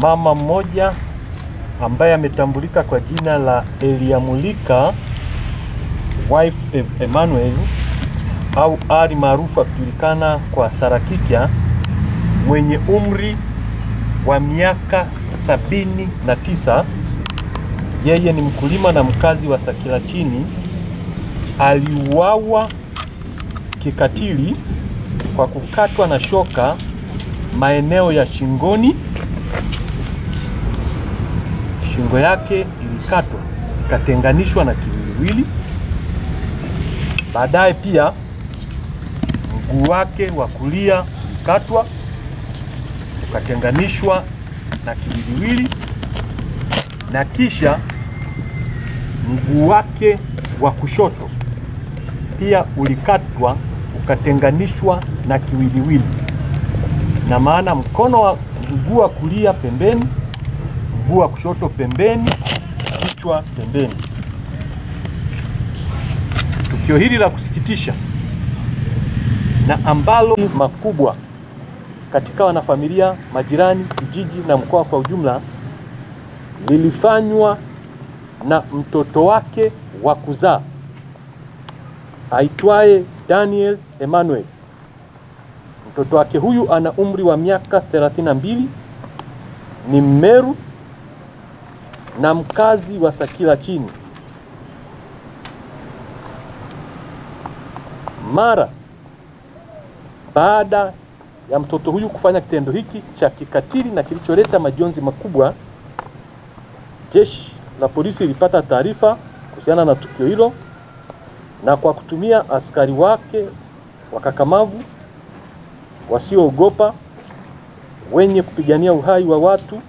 mama mmoja ambaye ametambulika kwa jina la Eliamulika wife e-, Emmanuel au Ali maarufu akijulikana kwa Sarakikya mwenye umri wa miaka sabini na tisa. Yeye ni mkulima na mkazi wa Sakila chini. Aliuawa kikatili kwa kukatwa na shoka maeneo ya shingoni shingo yake ilikatwa ikatenganishwa na kiwiliwili. Baadaye pia mguu wake wa kulia ulikatwa ukatenganishwa na kiwiliwili, na kisha mguu wake wa kushoto pia ulikatwa ukatenganishwa na kiwiliwili, na maana mkono wa mguu wa kulia pembeni mguu wa kushoto pembeni, kichwa pembeni. Tukio hili la kusikitisha na ambalo makubwa katika wanafamilia, majirani, kijiji na mkoa kwa ujumla lilifanywa na mtoto wake wa kuzaa aitwaye Daniel Emmanuel. Mtoto wake huyu ana umri wa miaka 32, ni Mmeru na mkazi wa Sakila chini. Mara baada ya mtoto huyu kufanya kitendo hiki cha kikatili na kilicholeta majonzi makubwa, jeshi la polisi lilipata taarifa kuhusiana na tukio hilo na kwa kutumia askari wake wakakamavu wasioogopa wenye kupigania uhai wa watu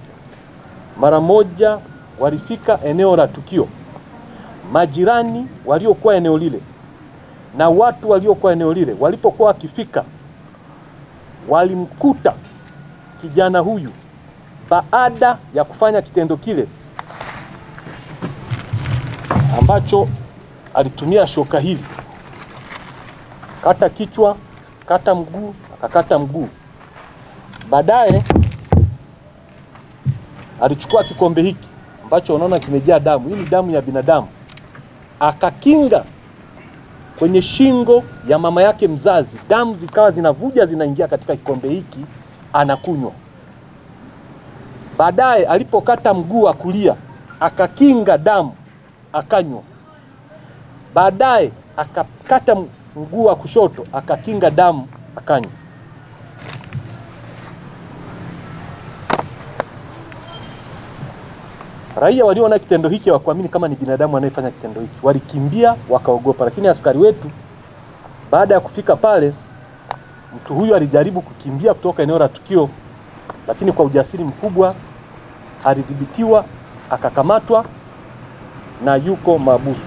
mara moja walifika eneo la tukio, majirani waliokuwa eneo lile na watu waliokuwa eneo lile, walipokuwa wakifika, walimkuta kijana huyu baada ya kufanya kitendo kile ambacho alitumia shoka hili kata kichwa, kata mguu, akakata mguu. Baadaye alichukua kikombe hiki ambacho unaona kimejaa damu, hii ni damu ya binadamu, akakinga kwenye shingo ya mama yake mzazi, damu zikawa zinavuja zinaingia katika kikombe hiki, anakunywa. Baadaye alipokata mguu wa kulia, akakinga damu, akanywa. Baadaye akakata mguu wa kushoto, akakinga damu, akanywa. Raia waliona kitendo hiki hawakuamini kama ni binadamu anayefanya kitendo hiki, walikimbia wakaogopa. Lakini askari wetu baada ya kufika pale, mtu huyu alijaribu kukimbia kutoka eneo la tukio, lakini kwa ujasiri mkubwa alidhibitiwa, akakamatwa na yuko mahabusu.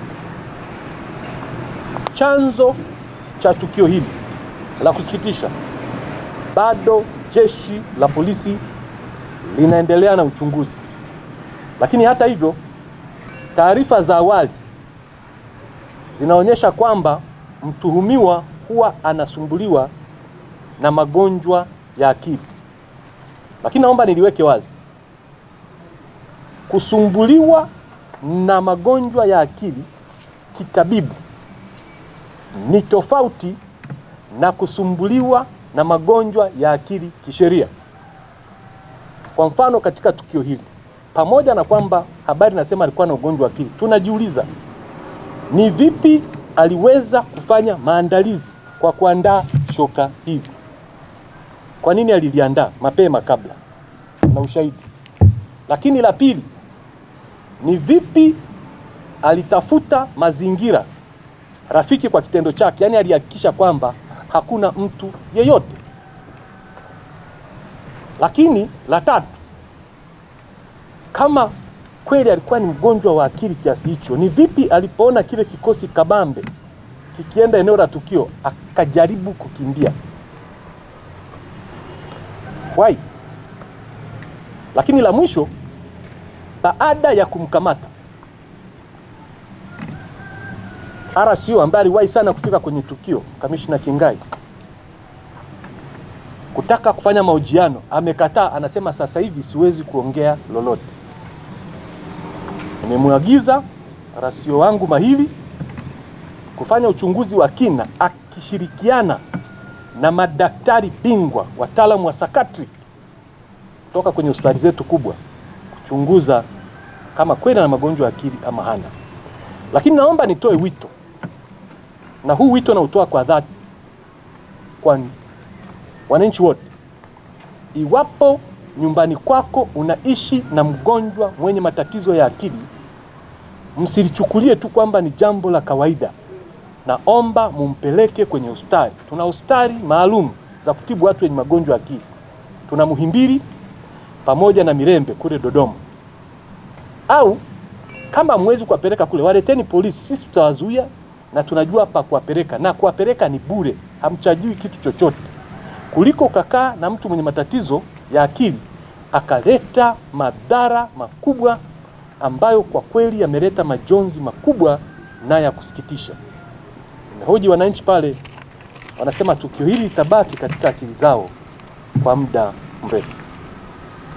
Chanzo cha tukio hili la kusikitisha, bado jeshi la polisi linaendelea na uchunguzi. Lakini hata hivyo, taarifa za awali zinaonyesha kwamba mtuhumiwa huwa anasumbuliwa na magonjwa ya akili. Lakini naomba niliweke wazi, kusumbuliwa na magonjwa ya akili kitabibu ni tofauti na kusumbuliwa na magonjwa ya akili kisheria. Kwa mfano, katika tukio hili pamoja na kwamba habari nasema alikuwa na ugonjwa akili, tunajiuliza ni vipi aliweza kufanya maandalizi kwa kuandaa shoka hivi? Kwa nini aliliandaa mapema kabla na ushahidi? Lakini la pili ni vipi alitafuta mazingira rafiki kwa kitendo chake, yaani alihakikisha kwamba hakuna mtu yeyote. Lakini la tatu kama kweli alikuwa ni mgonjwa wa akili kiasi hicho, ni vipi alipoona kile kikosi kabambe kikienda eneo la tukio akajaribu kukimbia? Why? Lakini la mwisho, baada ya kumkamata RCO ambaye aliwahi sana kufika kwenye tukio, kamishna Kingai kutaka kufanya mahojiano amekataa, anasema sasa hivi siwezi kuongea lolote. Nimemwagiza rasio wangu mahili kufanya uchunguzi wa kina akishirikiana na madaktari bingwa wataalamu wa sakatri kutoka kwenye hospitali zetu kubwa kuchunguza kama kweli na magonjwa ya akili ama hana. Lakini naomba nitoe wito, na huu wito nautoa kwa dhati kwa wananchi wote, iwapo nyumbani kwako unaishi na mgonjwa mwenye matatizo ya akili, msilichukulie tu kwamba ni jambo la kawaida. Naomba mumpeleke kwenye hospitali. Tuna hospitali maalum za kutibu watu wenye magonjwa ya akili. Tuna Muhimbili pamoja na Mirembe kule Dodoma. Au kama mwezi kuwapeleka kule, waleteni polisi, sisi tutawazuia na tunajua pa kuwapeleka, na kuwapeleka ni bure, hamchajiwi kitu chochote, kuliko kakaa na mtu mwenye matatizo ya akili akaleta madhara makubwa ambayo kwa kweli yameleta majonzi makubwa na ya kusikitisha. Nimehoji wananchi pale, wanasema tukio hili litabaki katika akili zao kwa muda mrefu.